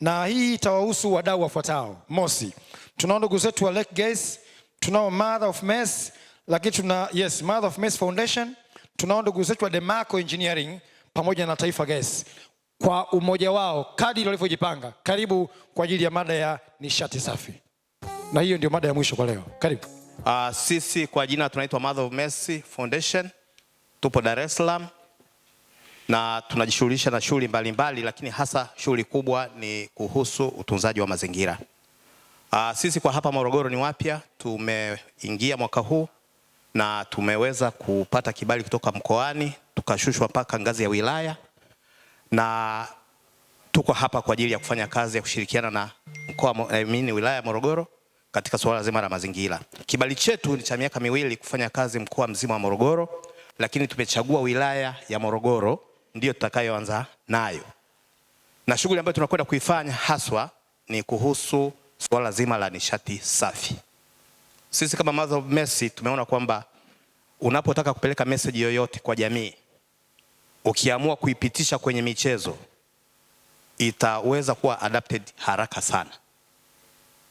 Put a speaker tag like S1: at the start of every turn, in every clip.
S1: na hii itawahusu wadau wafuatao. Mosi, tunao ndugu zetu wa Lake Gas, tunao Mother of Mess, lakini tuna yes, Mother of Mess Foundation, tunao ndugu zetu wa Demarco Engineering pamoja na Taifa Gas kwa umoja wao kadiri walivyojipanga. Karibu kwa ajili ya mada ya nishati safi, na hiyo ndio mada ya mwisho kwa leo. Karibu.
S2: Uh, sisi kwa jina tunaitwa Mother of Mercy Foundation, tupo Dar es Salaam na tunajishughulisha na shughuli mbalimbali, lakini hasa shughuli kubwa ni kuhusu utunzaji wa mazingira. Aa, ah, sisi kwa hapa Morogoro ni wapya, tumeingia mwaka huu na tumeweza kupata kibali kutoka mkoani, tukashushwa mpaka ngazi ya wilaya, na tuko hapa kwa ajili ya kufanya kazi ya kushirikiana na mkoa eh, mimi wilaya ya Morogoro katika suala zima la mazingira. Kibali chetu ni cha miaka miwili kufanya kazi mkoa mzima wa Morogoro, lakini tumechagua wilaya ya Morogoro ndiyo tutakayoanza nayo, na shughuli ambayo tunakwenda kuifanya haswa ni kuhusu suala zima la nishati safi. Sisi kama Mother of Mercy tumeona kwamba unapotaka kupeleka message yoyote kwa jamii, ukiamua kuipitisha kwenye michezo itaweza kuwa adapted haraka sana.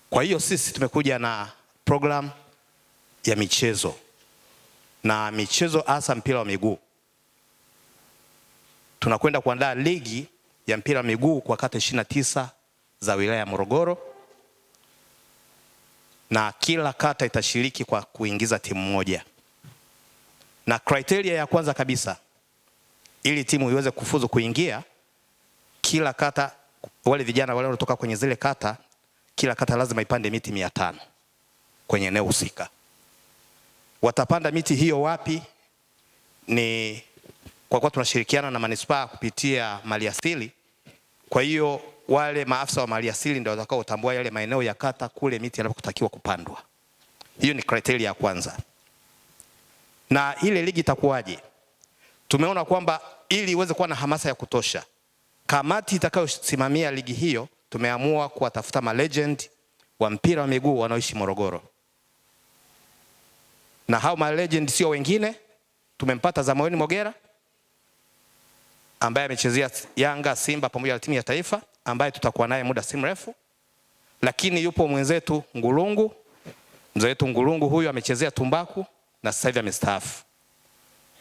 S2: Kwa hiyo sisi tumekuja na program ya michezo na michezo hasa mpira wa miguu tunakwenda kuandaa ligi ya mpira wa miguu kwa kata 29 za wilaya ya Morogoro na kila kata itashiriki kwa kuingiza timu moja, na kriteria ya kwanza kabisa ili timu iweze kufuzu kuingia, kila kata, wale vijana wale wanaotoka kwenye zile kata, kila kata lazima ipande miti mia tano kwenye eneo husika. Watapanda miti hiyo wapi? Ni kwa kuwa tunashirikiana na manispaa kupitia maliasili. Kwa hiyo wale maafisa wa maliasili ndio watakaotambua yale maeneo ya kata kule miti yanapotakiwa kupandwa. Hiyo ni kriteria ya kwanza. Na ile ligi itakuwaje? Tumeona kwamba ili iweze kuwa na hamasa ya kutosha, kamati itakayosimamia ligi hiyo tumeamua kuwatafuta malegend wa mpira wa miguu wanaoishi Morogoro, na hao malegend sio wengine, tumempata Zamoyoni Mogera ambaye amechezea Yanga, Simba pamoja na timu ya taifa ambaye tutakuwa naye muda si mrefu, lakini yupo mwenzetu Ngulungu, mzee wetu Ngulungu huyu amechezea Tumbaku na sasa hivi amestaafu,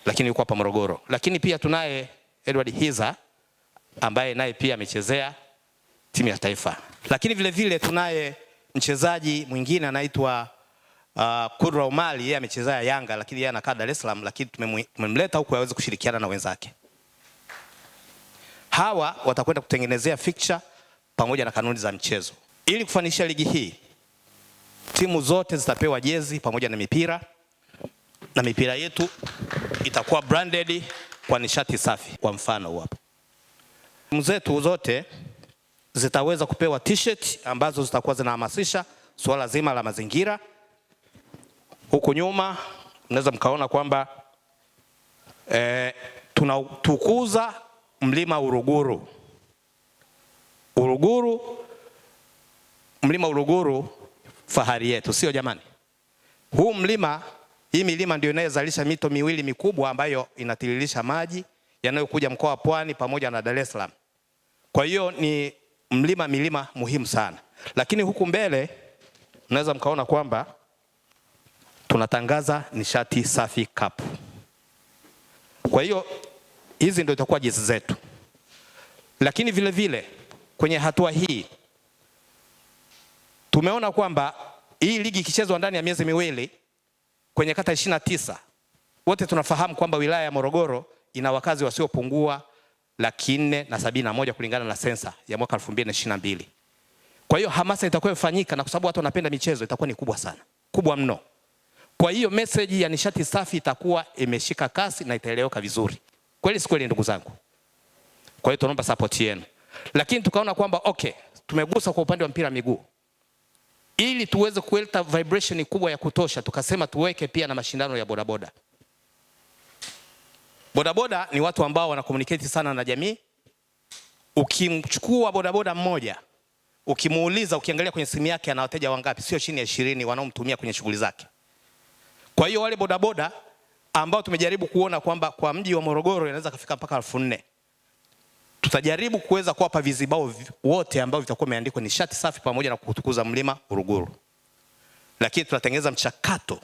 S2: lakini yuko hapa Morogoro. Lakini pia tunaye Edward Hiza ambaye naye pia amechezea timu ya taifa, lakini vile vile tunaye mchezaji mwingine anaitwa uh, Kudra Umali, yeye amechezea Yanga, lakini yeye anakaa Dar es Salaam, lakini tumemleta huku aweze kushirikiana na wenzake. Hawa watakwenda kutengenezea fixture pamoja na kanuni za mchezo. Ili kufanikisha ligi hii, timu zote zitapewa jezi pamoja na mipira, na mipira yetu itakuwa branded kwa nishati safi. Kwa mfano hapa, timu zetu zote zitaweza kupewa t-shirt ambazo zitakuwa zinahamasisha suala zima la mazingira. Huku nyuma mnaweza mkaona kwamba eh, tunatukuza mlima Uruguru. Uruguru, mlima Uruguru fahari yetu, sio jamani? Huu mlima, hii milima ndio inayozalisha mito miwili mikubwa ambayo inatiririsha maji yanayokuja mkoa wa Pwani pamoja na Dar es Salaam. Kwa hiyo ni mlima milima muhimu sana, lakini huku mbele unaweza mkaona kwamba tunatangaza nishati safi kapu. Kwa hiyo Hizi ndio itakuwa jezi zetu, lakini vile vile kwenye hatua hii tumeona kwamba hii ligi ikichezwa ndani ya miezi miwili kwenye kata ishirini na tisa wote tunafahamu kwamba wilaya ya Morogoro ina wakazi wasiopungua laki nne na sabini na moja kulingana na sensa ya mwaka 2022. Kwa hiyo hamasa itakuwa imefanyika na kwa sababu watu wanapenda michezo itakuwa ni kubwa sana, kubwa mno. Kwa hiyo meseji ya nishati safi itakuwa imeshika kasi na itaeleweka vizuri. Kweli si kweli, ndugu zangu? Kwa hiyo tunaomba support yenu, lakini tukaona kwamba okay, tumegusa kwa upande wa mpira miguu ili tuweze kuleta vibration kubwa ya kutosha, tukasema tuweke pia na mashindano ya bodaboda. Bodaboda ni watu ambao wana communicate sana na jamii. Ukimchukua bodaboda mmoja ukimuuliza, ukiangalia kwenye simu yake ana wateja wangapi, sio chini ya ishirini wanaomtumia kwenye shughuli zake. Kwa hiyo wale bodaboda ambao tumejaribu kuona kwamba kwa mji wa Morogoro inaweza kufika mpaka elfu nne. Tutajaribu kuweza kuwapa vizibao wote ambao vitakuwa vimeandikwa nishati safi pamoja na kutukuza mlima Uluguru, lakini tunatengeneza mchakato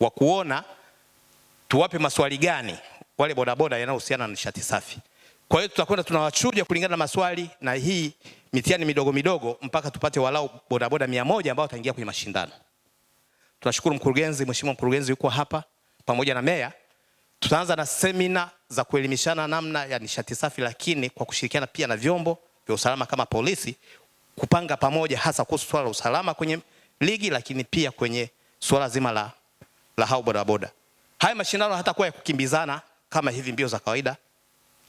S2: wa kuona tuwape maswali gani wale bodaboda yanayohusiana na nishati safi. Kwa hiyo tutakwenda tunawachuja kulingana na maswali na hii mitihani midogo midogo mpaka tupate walau bodaboda mia moja ambao wataingia kwenye mashindano. Tunashukuru mkurugenzi, mheshimiwa mkurugenzi yuko hapa pamoja na meya tutaanza na semina za kuelimishana namna ya nishati safi, lakini kwa kushirikiana pia na vyombo vya usalama kama polisi kupanga pamoja, hasa kuhusu swala la usalama kwenye ligi, lakini pia kwenye swala zima la, la hao bodaboda. Haya mashindano hatakuwa ya kukimbizana kama hivi mbio za kawaida.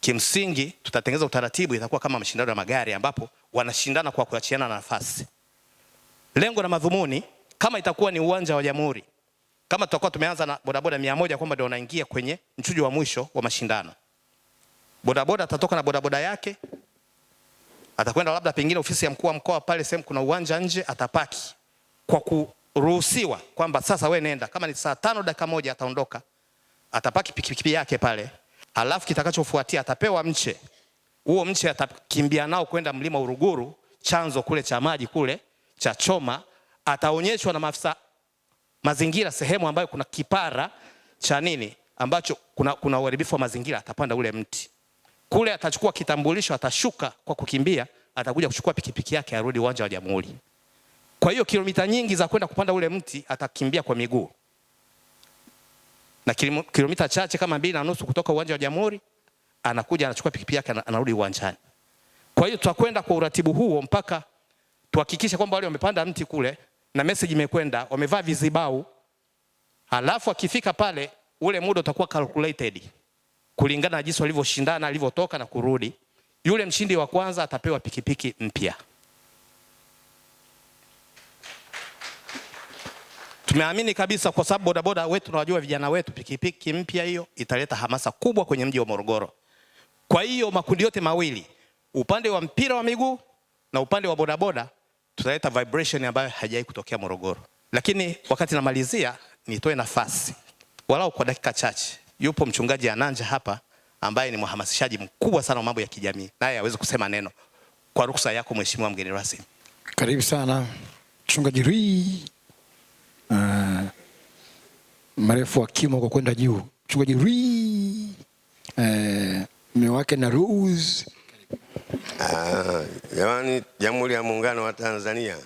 S2: Kimsingi tutatengeneza utaratibu, itakuwa kama mashindano ya magari ambapo wanashindana kwa kuachiana na nafasi. Lengo na madhumuni kama itakuwa ni uwanja wa Jamhuri kama tutakuwa tumeanza na bodaboda mia moja kwamba ndio unaingia kwenye mchujo wa mwisho wa mashindano. Bodaboda atatoka na bodaboda yake, atakwenda labda pengine ofisi ya mkuu wa mkoa pale sehemu kuna uwanja nje, atapaki kwa kuruhusiwa kwamba sasa we nenda, kama ni saa tano dakika moja ataondoka, atapaki pikipiki yake pale, alafu kitakachofuatia atapewa mche. Huo mche atakimbia nao kwenda mlima Uruguru, chanzo kule cha maji kule cha Choma, ataonyeshwa na maafisa mazingira, sehemu ambayo kuna kipara cha nini ambacho kuna, kuna uharibifu wa mazingira, atapanda ule mti kule, atachukua kitambulisho, atashuka kwa kukimbia, atakuja kuchukua pikipiki yake arudi uwanja wa Jamhuri. Kwa hiyo kilomita nyingi za kwenda kupanda ule mti atakimbia kwa miguu, na kilomita chache kama mbili na nusu kutoka uwanja wa Jamhuri anakuja anachukua pikipiki yake anarudi uwanjani. Kwa hiyo tutakwenda kwa uratibu huo mpaka tuhakikishe kwamba wale wamepanda mti kule na message imekwenda, wamevaa vizibau, alafu akifika pale ule muda utakuwa calculated kulingana na jinsi walivyoshindana, alivyotoka na kurudi. Yule mshindi wa kwanza atapewa pikipiki mpya. Tumeamini kabisa, kwa sababu bodaboda wetu tunawajua vijana wetu, pikipiki mpya hiyo italeta hamasa kubwa kwenye mji wa Morogoro. Kwa hiyo makundi yote mawili, upande wa mpira wa miguu na upande wa bodaboda, tutaleta vibration ambayo haijai kutokea Morogoro. Lakini wakati namalizia, nitoe nafasi walau kwa dakika chache, yupo mchungaji Ananja hapa ambaye ni mhamasishaji mkubwa sana wa mambo ya kijamii, naye aweze kusema neno kwa ruksa yako, mheshimiwa mgeni rasmi.
S3: Karibu sana mchungaji ri Uh, marefu wa kimo kwa kwenda juu, mchungaji Rii uh, mume wake na Rose. Ah, Jamani, Jamhuri ya Muungano wa Tanzania.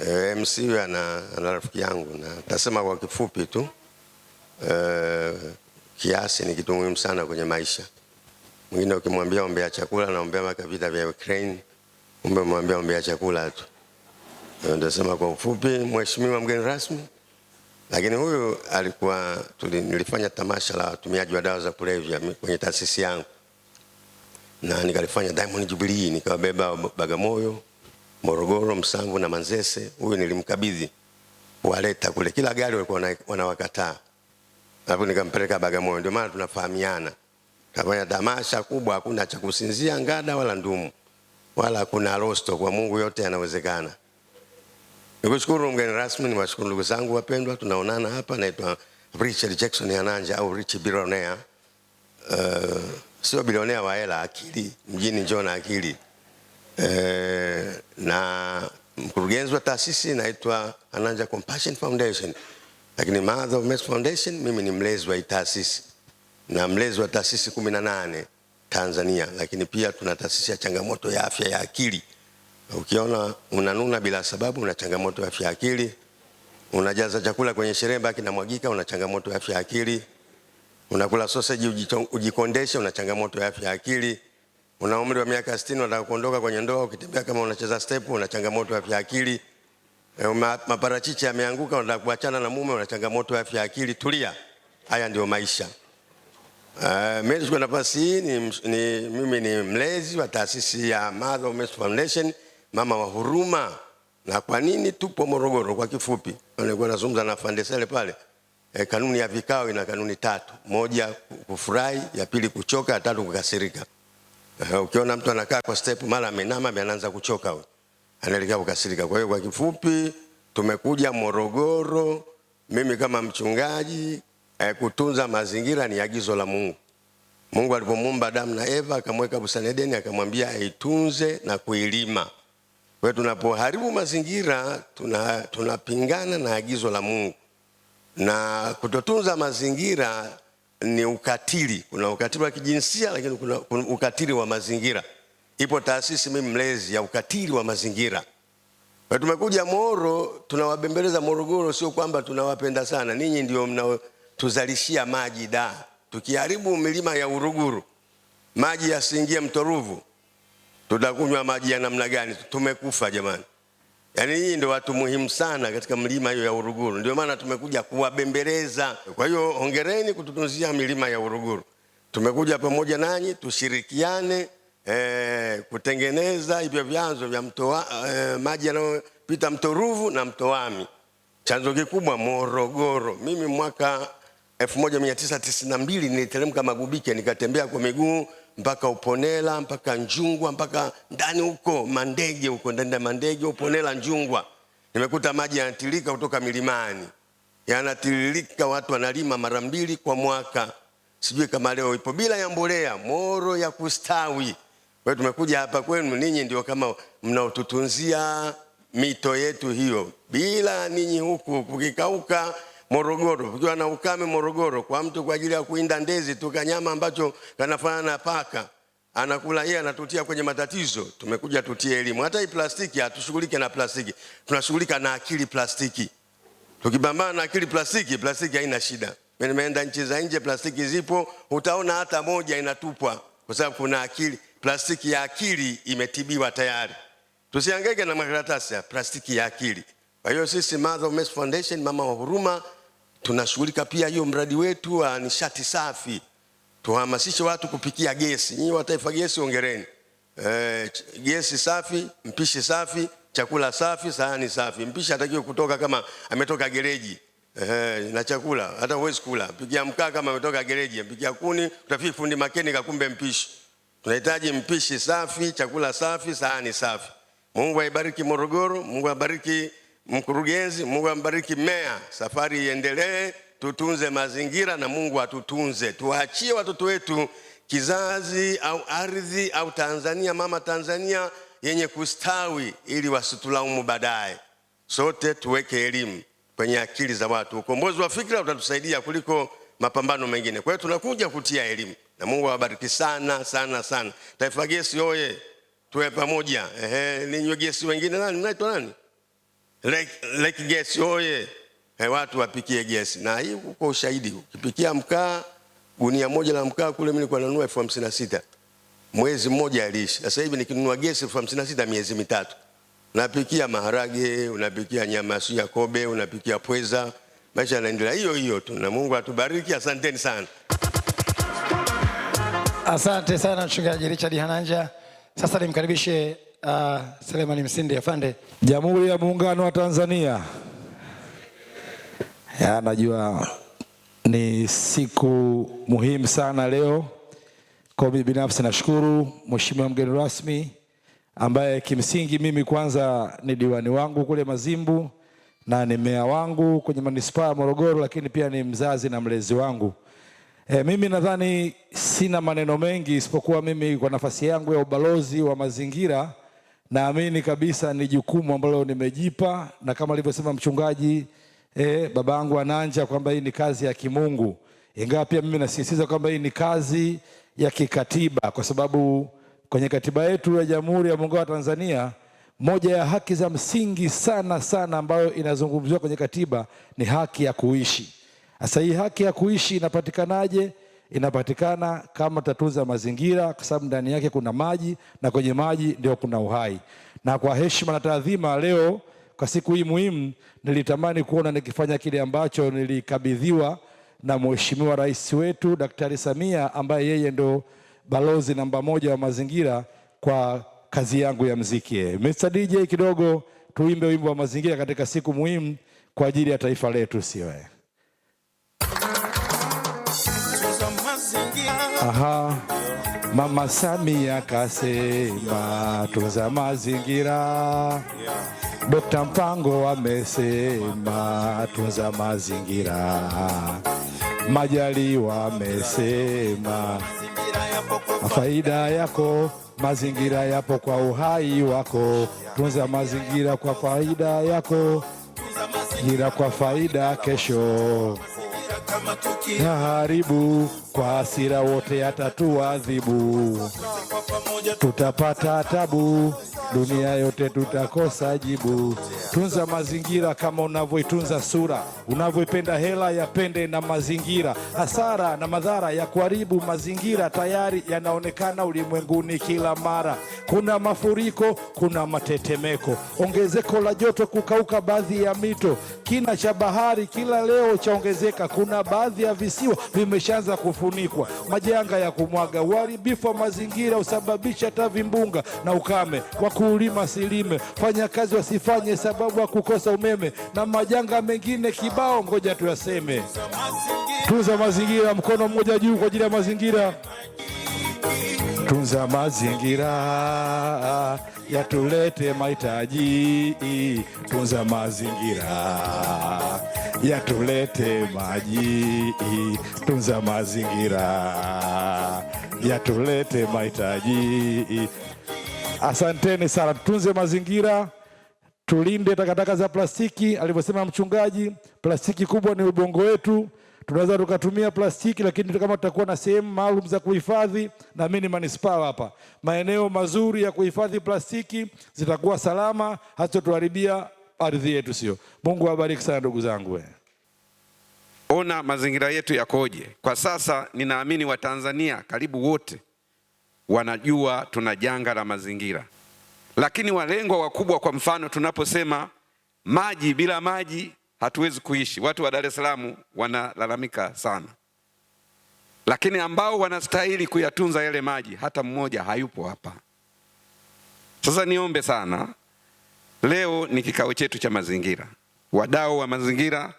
S3: E, eh, msiwe ana, ana rafiki yangu na tasema kwa kifupi tu e, kiasi ni kitu muhimu sana kwenye maisha. Mwingine ukimwambia ombea chakula na ombea maka vita vya Ukraine, kumbe mwambia ombea chakula tu. E, eh, ndasema kwa ufupi, mheshimiwa mgeni rasmi. Lakini huyu alikuwa tuli, nilifanya tamasha la watumiaji wa dawa za kulevya kwenye taasisi yangu na nikalifanya Diamond Jubilee, nikawabeba Bagamoyo, Morogoro, Msangu na Manzese. Huyu nilimkabidhi waleta kule, kila gari walikuwa wanawakataa, alafu nikampeleka Bagamoyo. Ndio maana tunafahamiana. Kafanya tamasha kubwa, hakuna cha kusinzia ngada wala ndumu wala kuna rosto. Kwa Mungu yote yanawezekana. Nikushukuru mgeni rasmi, niwashukuru ndugu zangu wapendwa, tunaonana hapa. Naitwa Richard Jackson Yananja au Rich Billionaire. Uh, sio bilionea wa hela, akili mjini njoo na akili e, na mkurugenzi wa taasisi naitwa Ananja Compassion Foundation, lakini Mother of Mercy Foundation, mimi ni mlezi wa taasisi na mlezi wa taasisi kumi na nane Tanzania, lakini pia tuna taasisi ya changamoto ya afya ya akili. Ukiona unanuna bila sababu, una changamoto ya afya ya akili. Unajaza chakula kwenye sherehe baki na mwagika, una changamoto ya afya ya akili. Unakula sausage ujikondeshe, una changamoto ya afya akili. Una umri wa miaka 60 unataka kuondoka kwenye ndoa, ukitembea kama unacheza step, una changamoto ya afya ya akili. Eh, maparachichi yameanguka, unataka kuachana na mume, una changamoto ya afya akili. Tulia, haya ndio maisha. Uh, mimi kwa nafasi hii ni, ni, mimi ni mlezi wa taasisi ya Mother of Mercy Foundation, mama wa huruma. Na kwa nini tupo Morogoro? Kwa kifupi, nilikuwa nazungumza na Fandesele pale E, kanuni ya vikao ina kanuni tatu: moja kufurahi, ya pili kuchoka, ya tatu kukasirika. E, ukiona mtu anakaa kwa step mara amenama ameanza kuchoka, huyo anaelekea kukasirika. Kwa hiyo kwa kifupi, tumekuja Morogoro, mimi kama mchungaji e, kutunza mazingira ni agizo la Mungu. Mungu alipomuumba Adamu na Eva akamweka bustani Edeni, akamwambia aitunze na kuilima. Kwa hiyo tunapoharibu mazingira tunapingana tuna, na agizo la Mungu na kutotunza mazingira ni ukatili. Kuna ukatili wa kijinsia, lakini kuna ukatili wa mazingira. Ipo taasisi mimi mlezi ya ukatili wa mazingira. Kwa tumekuja Moro, tunawabembeleza Morogoro, sio kwamba tunawapenda sana. Ninyi ndio mnaotuzalishia maji da, tukiharibu milima ya Uruguru maji yasiingie mto Ruvu, tutakunywa maji ya namna gani? Tumekufa jamani. Yaani hii ndio watu muhimu sana katika milima hiyo ya Uruguru, ndio maana tumekuja kuwabembeleza. Kwa hiyo hongereni kututunzia milima ya Uruguru, tumekuja pamoja nanyi tushirikiane eh, kutengeneza hivyo vyanzo vya mto eh, maji yanayopita mto Ruvu na mto Wami. Chanzo kikubwa Morogoro. Mimi mwaka 1992 niliteremka Magubike nikatembea kwa miguu mpaka Uponela mpaka Njungwa mpaka ndani huko Mandege, huko ndani ya Mandege, Uponela, Njungwa, nimekuta maji yanatiririka kutoka milimani, yanatiririka. Watu wanalima mara mbili kwa mwaka, sijui kama leo ipo, bila ya mbolea moro ya kustawi. Kwa hiyo tumekuja hapa kwenu, ninyi ndio kama mnaotutunzia mito yetu hiyo, bila ninyi huku kukikauka Morogoro, ukiwa na ukame Morogoro kwa mtu kwa ajili ya kuinda ndezi tu, kanyama ambacho kanafanana na paka anakula yeye, anatutia kwenye matatizo. Tumekuja tutie elimu. Hata hii plastiki, hatushughulike na plastiki, tunashughulika na akili plastiki. Tukibambana na akili plastiki, plastiki haina shida. Mimi nimeenda nchi za nje, plastiki zipo, utaona hata moja inatupwa, kwa sababu kuna akili. Plastiki ya akili imetibiwa tayari. Tusihangaike na makaratasi, ya plastiki ya akili. Kwa hiyo sisi Mother of Mercy Foundation, mama wa huruma tunashughulika pia hiyo mradi wetu wa nishati safi, tuhamasishe watu kupikia gesi. Nyinyi wa Taifa Gesi ongereni e, gesi safi, mpishi safi, chakula safi, sahani safi. Mpishi hatakiwe kutoka kama ametoka gereji e, na chakula hata huwezi kula. Pikia mkaa kama ametoka gereji, mpikia kuni utafiki fundi makenika, kumbe mpishi. Tunahitaji mpishi safi, chakula safi, sahani safi. Mungu aibariki Morogoro, Mungu aibariki mkurugenzi, Mungu ambariki meya, safari iendelee, tutunze mazingira na Mungu atutunze, tuachie watoto wetu kizazi au ardhi au Tanzania, mama Tanzania yenye kustawi, ili wasitulaumu baadaye. Sote tuweke elimu kwenye akili za watu. Ukombozi wa fikra utatusaidia kuliko mapambano mengine. Kwa hiyo tunakuja kutia elimu, na Mungu awabariki sana sana sana. Taifa Gesi oye! Tuwe pamoja. Ehe, ninyi Gesi wengine nani mnaitwa nani? lake gesi oye, eh, watu wapikie gesi. Na hii uko ushahidi, ukipikia mkaa gunia moja la mkaa kule mimi nilikuwa nanunua elfu hamsini na sita mwezi mmoja aliishi. Sasa hivi nikinunua gesi elfu hamsini na sita miezi mitatu, unapikia maharage, unapikia nyama ya kobe, unapikia pweza, maisha yanaendelea hiyo hiyo tu, na Mungu atubariki. Asanteni sana.
S4: Asante sana Mchungaji Richard Hananja. Sasa nimkaribishe Uh, ah, Selemani Msindi afande.
S3: Jamhuri ya Muungano wa Tanzania. Ya, najua ni siku muhimu sana leo. Kwa mimi binafsi nashukuru Mheshimiwa mgeni rasmi ambaye kimsingi mimi kwanza ni diwani wangu kule Mazimbu na ni meya wangu kwenye manispaa ya Morogoro, lakini pia ni mzazi na mlezi wangu. E, mimi nadhani sina maneno mengi isipokuwa mimi kwa nafasi yangu ya ubalozi wa mazingira Naamini kabisa ni jukumu ambalo nimejipa, na kama alivyosema mchungaji eh, babangu Ananja kwamba hii ni kazi ya kimungu, ingawa pia mimi nasisitiza kwamba hii ni kazi ya kikatiba, kwa sababu kwenye katiba yetu ya Jamhuri ya Muungano wa Tanzania, moja ya haki za msingi sana sana ambayo inazungumziwa kwenye katiba ni haki ya kuishi. Sasa hii haki ya kuishi inapatikanaje? inapatikana kama tatuza mazingira, kwa sababu ndani yake kuna maji na kwenye maji ndio kuna uhai. Na kwa heshima na taadhima, leo kwa siku hii muhimu, nilitamani kuona nikifanya kile ambacho nilikabidhiwa na Mheshimiwa Rais wetu Daktari Samia, ambaye yeye ndo balozi namba moja wa mazingira kwa kazi yangu ya mziki. Mr DJ, kidogo tuimbe wimbo wa mazingira katika siku muhimu kwa ajili ya taifa letu, sio?
S5: Aha, Mama Samia kasema tunza mazingira. Dokta Mpango amesema tunza mazingira. Majaliwa amesema faida yako mazingira yapo kwa uhai wako, tunza mazingira kwa faida yako, mazingira kwa faida kesho na haribu kwa hasira wote yatatuadhibu, tutapata tabu Dunia yote tutakosa jibu. Tunza mazingira kama unavyoitunza sura, unavyoipenda hela yapende na mazingira. Hasara na madhara ya kuharibu mazingira tayari yanaonekana ulimwenguni kila mara. Kuna mafuriko, kuna matetemeko, ongezeko la joto, kukauka baadhi ya mito, kina cha bahari kila leo chaongezeka. Kuna baadhi ya visiwa vimeshaanza kufunikwa. Majanga ya kumwaga, uharibifu wa mazingira husababisha hata vimbunga na ukame kulima silime, fanya kazi wasifanye sababu ya kukosa umeme na majanga mengine kibao, ngoja tuyaseme. Tunza mazingira, mkono mmoja juu kwa ajili ya mazingira. Tunza mazingira yatulete mahitaji, tunza mazingira yatulete maji, tunza mazingira yatulete mahitaji Asanteni sana, tutunze mazingira, tulinde takataka za plastiki. Alivyosema mchungaji, plastiki kubwa ni ubongo wetu. Tunaweza tukatumia plastiki, lakini kama tutakuwa na sehemu maalum za kuhifadhi, na mimi ni manispaa hapa, maeneo mazuri ya kuhifadhi plastiki zitakuwa salama, hazitatuharibia ardhi yetu, sio? Mungu awabariki sana ndugu zangu.
S2: Ona mazingira yetu yakoje kwa sasa. Ninaamini Watanzania karibu wote wanajua tuna janga la mazingira, lakini walengwa wakubwa, kwa mfano tunaposema maji, bila maji hatuwezi kuishi. Watu wa Dar es Salaam wanalalamika sana, lakini ambao wanastahili kuyatunza yale maji hata mmoja hayupo hapa. Sasa niombe sana, leo ni kikao chetu cha mazingira. Wadau wa mazingira,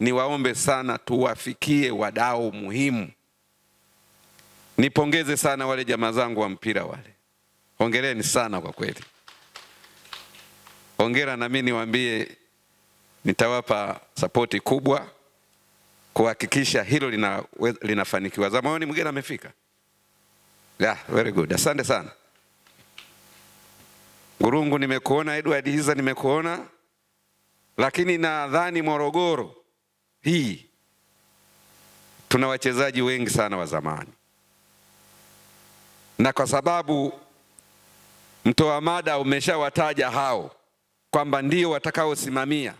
S2: niwaombe sana tuwafikie wadau muhimu Nipongeze sana wale jamaa zangu wa mpira wale, hongereni sana kwa kweli, hongera. Nami niwaambie nitawapa sapoti kubwa kuhakikisha hilo lina, linafanikiwa. Zamani mgeni amefika. Yeah, very good. Asante sana Gurungu, nimekuona Edward Hiza, nimekuona lakini nadhani Morogoro hii tuna wachezaji wengi sana wa zamani na kwa sababu mtoa mada umeshawataja hao kwamba ndio watakaosimamia,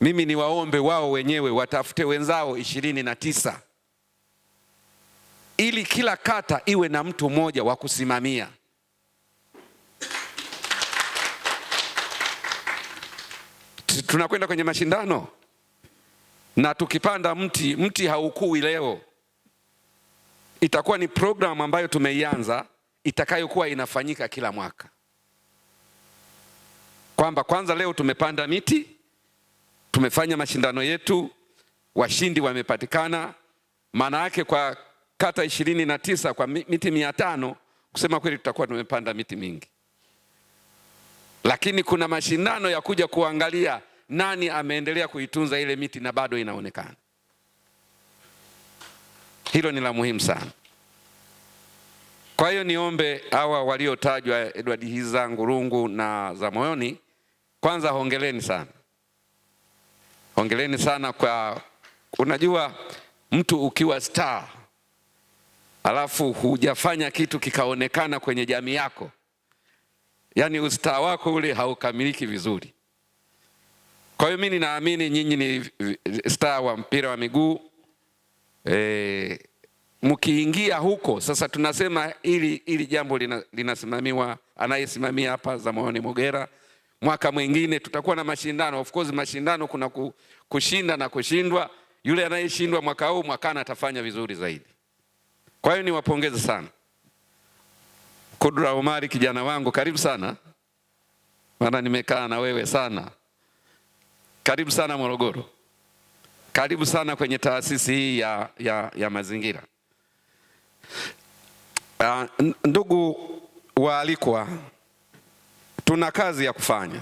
S2: mimi ni waombe wao wenyewe watafute wenzao ishirini na tisa ili kila kata iwe na mtu mmoja wa kusimamia. Tunakwenda kwenye mashindano na tukipanda mti, mti haukui leo itakuwa ni programu ambayo tumeianza itakayokuwa inafanyika kila mwaka, kwamba kwanza leo tumepanda miti, tumefanya mashindano yetu, washindi wamepatikana. Maana yake kwa kata ishirini na tisa kwa miti mia tano kusema kweli tutakuwa tumepanda miti mingi, lakini kuna mashindano ya kuja kuangalia nani ameendelea kuitunza ile miti na bado inaonekana. Hilo ni la muhimu sana. Kwa hiyo niombe hawa waliotajwa Edward Hiza, Ngurungu na za moyoni kwanza hongereni sana, hongereni sana kwa, unajua mtu ukiwa star alafu hujafanya kitu kikaonekana kwenye jamii yako, yaani ustaa wako ule haukamiliki vizuri. Kwa hiyo mimi ninaamini nyinyi ni star wa mpira wa miguu e, mkiingia huko sasa, tunasema ili ili jambo lina, linasimamiwa anayesimamia hapa za moyoni Mogera. Mwaka mwingine tutakuwa na mashindano, of course mashindano kuna kushinda na kushindwa. Yule anayeshindwa mwaka huu mwakana atafanya vizuri zaidi. Kwa hiyo niwapongeze sana Kudra Omari, kijana wangu, karibu sana, maana nimekaa na wewe sana. Karibu sana Morogoro. Karibu sana kwenye taasisi hii ya, ya, ya mazingira. Uh, ndugu waalikwa, tuna kazi ya kufanya.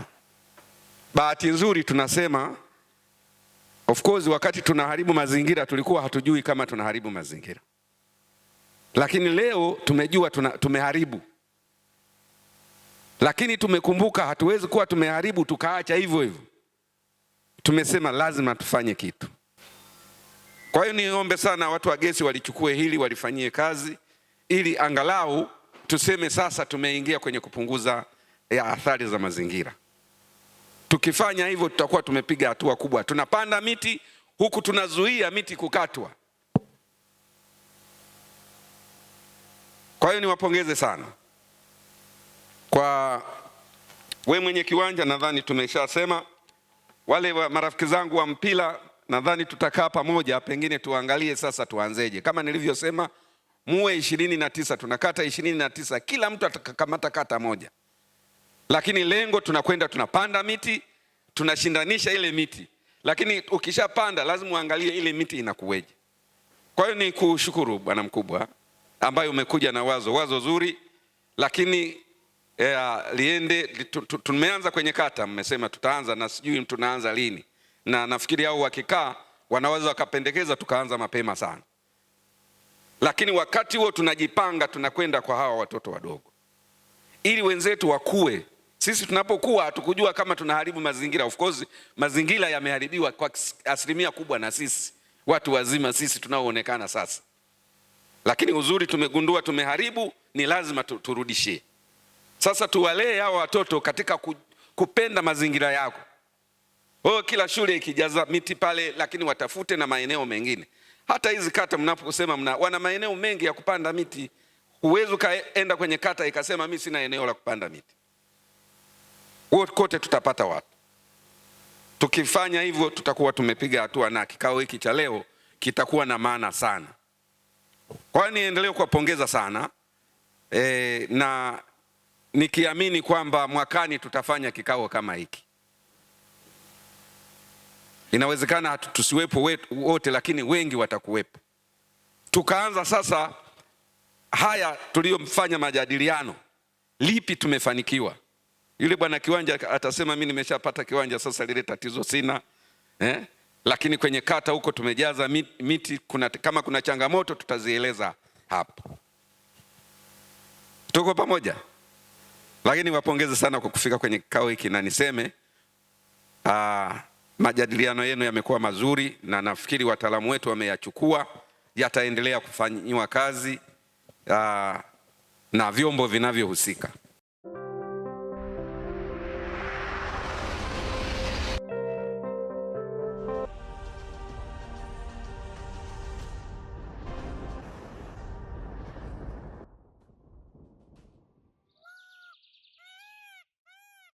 S2: Bahati nzuri tunasema of course, wakati tunaharibu mazingira tulikuwa hatujui kama tunaharibu mazingira, lakini leo tumejua tuna, tumeharibu, lakini tumekumbuka hatuwezi kuwa tumeharibu tukaacha hivyo hivyo. Tumesema lazima tufanye kitu. Kwa hiyo niombe sana watu wa gesi walichukue hili walifanyie kazi, ili angalau tuseme sasa tumeingia kwenye kupunguza ya athari za mazingira. Tukifanya hivyo tutakuwa tumepiga hatua kubwa. Tunapanda miti huku tunazuia miti kukatwa. Kwa hiyo niwapongeze sana kwa we mwenye kiwanja, nadhani tumeshasema. Wale wa marafiki zangu wa mpira nadhani tutakaa pamoja, pengine tuangalie sasa tuanzeje. Kama nilivyosema, muwe ishirini na tisa, tunakata ishirini na tisa, kila mtu atakamata kata moja, lakini lengo tunakwenda tunapanda miti, tunashindanisha ile miti, lakini ukishapanda lazima uangalie ile miti inakuweje. Kwa hiyo ni kushukuru bwana mkubwa, ambaye umekuja na wazo wazo zuri, lakini ea, eh, liende. Tumeanza kwenye kata, mmesema tutaanza na sijui tunaanza lini na nafikiri hao wakikaa wanaweza wakapendekeza tukaanza mapema sana, lakini wakati huo tunajipanga, tunakwenda kwa hawa watoto wadogo ili wenzetu wakue. Sisi tunapokuwa hatukujua kama tunaharibu mazingira. Of course mazingira yameharibiwa kwa asilimia kubwa na sisi watu wazima, sisi tunaoonekana sasa, lakini uzuri tumegundua tumeharibu, ni lazima turudishie. Sasa tuwalee hawa watoto katika kupenda mazingira yako. Kwa hiyo kila shule ikijaza miti pale, lakini watafute na maeneo mengine. Hata hizi kata mnaposema mna wana maeneo mengi ya kupanda miti, huwezi ukaenda kwenye kata ikasema mimi sina eneo la kupanda miti. Kote tutapata watu. Tukifanya hivyo, tutakuwa tumepiga hatua, na kikao hiki cha leo kitakuwa na maana sana. Kwa hiyo niendelee kuwapongeza sana e, na nikiamini kwamba mwakani tutafanya kikao kama hiki. Inawezekana tusiwepo wote, lakini wengi watakuwepo. Tukaanza sasa haya tuliyomfanya majadiliano, lipi tumefanikiwa? Yule bwana kiwanja atasema mimi nimeshapata kiwanja, sasa lile tatizo sina eh? Lakini kwenye kata huko tumejaza miti kuna, kama kuna changamoto tutazieleza hapo. Tuko pamoja. Lakini wapongeze sana kwa kufika kwenye kikao hiki na niseme aa, ah, Majadiliano yenu yamekuwa mazuri na nafikiri wataalamu wetu wameyachukua, yataendelea kufanyiwa kazi aa, ah, na vyombo vinavyohusika.